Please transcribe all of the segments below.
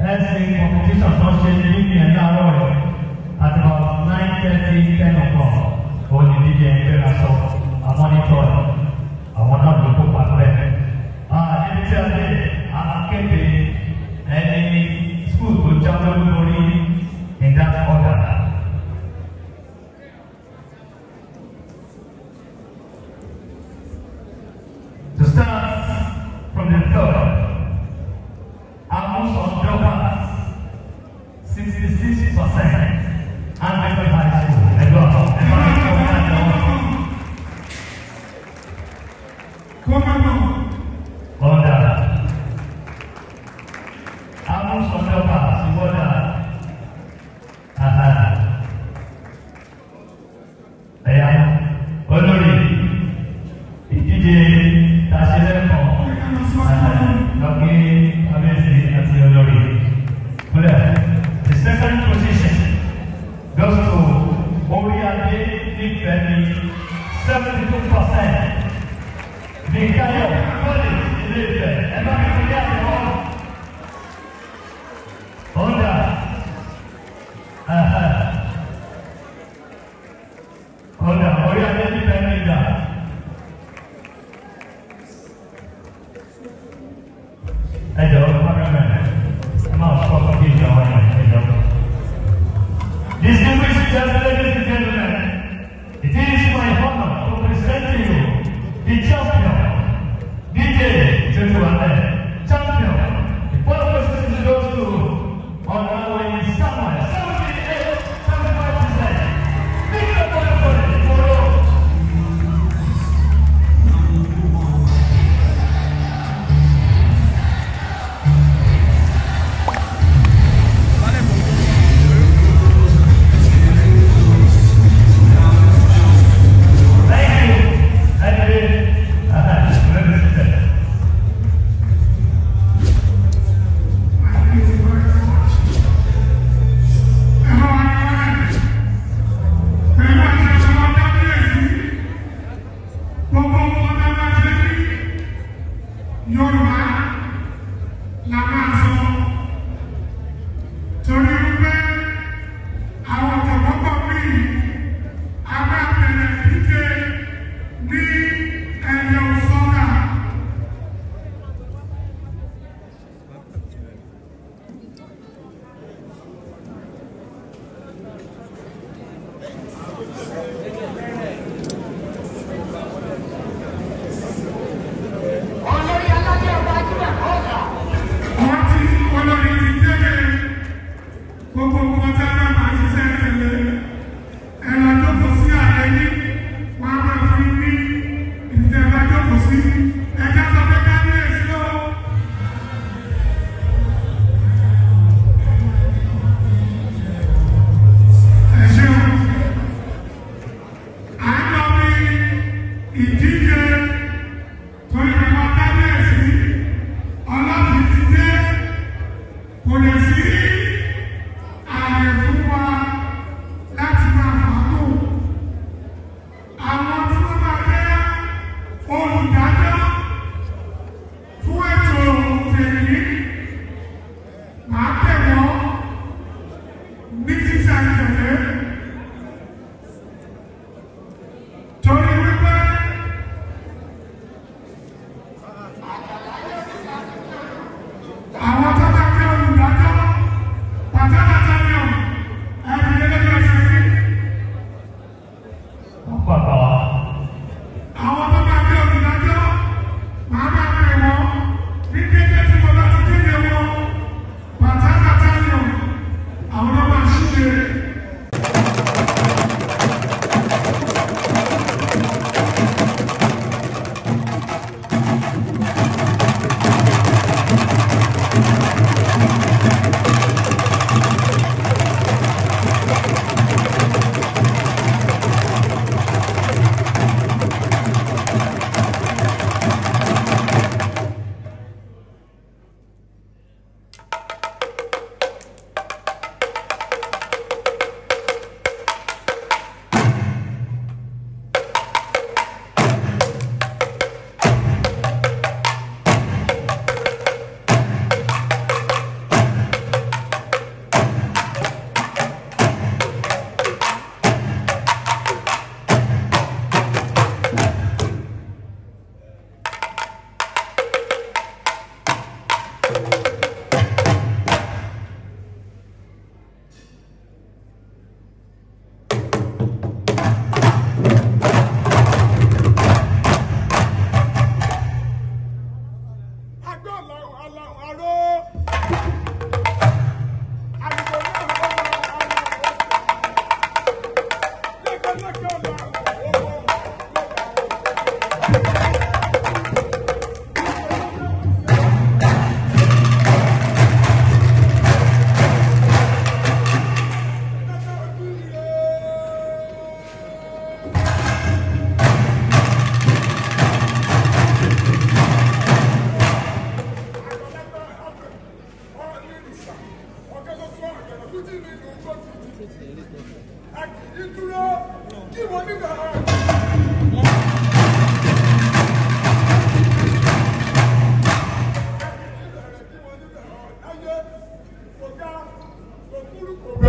wrestling competition tó ṣe ní níbi ẹ̀ láàárọ̀ rẹ̀ at about nine thirty ten o'clock òun ni níbi ẹ̀ ń gbéra sọ àwọn nítọ́ rẹ̀ àwọn náà Ah, kópa bẹ́ẹ̀. níbi tí a dé akéde ẹni skul tó jáwé lórí in that order. réalité d'une famille. 72 des cailloux, collés, les faits. Elle va Honda. Aha. Honda, regardez du permis là. Hadi oğlum, hemen hemen. Ama şu bakım geçiyor, hemen.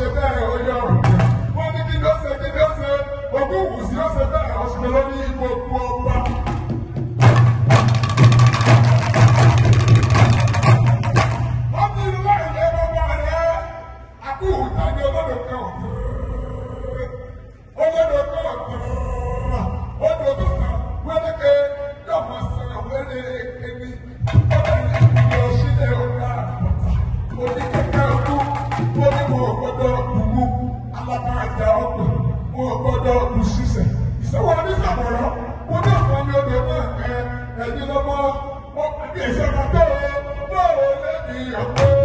ṣe bẹ́ẹ̀ ó yọ ọ̀rọ̀ jẹ. Wọ́n ní kí ló ṣe kí ló ṣe ogún wùsí ó ṣe bẹ́ẹ̀ ó ṣe lórí gbogbo ọgbà. àbọ̀rọ̀ kó ní ọ̀pọ̀ ní ọdẹ mọ́ ẹ ẹ̀yin lọ́mọ ẹ̀ṣẹ̀ kàtó bọ́ọ̀ lẹ́bi àbọ̀rọ̀.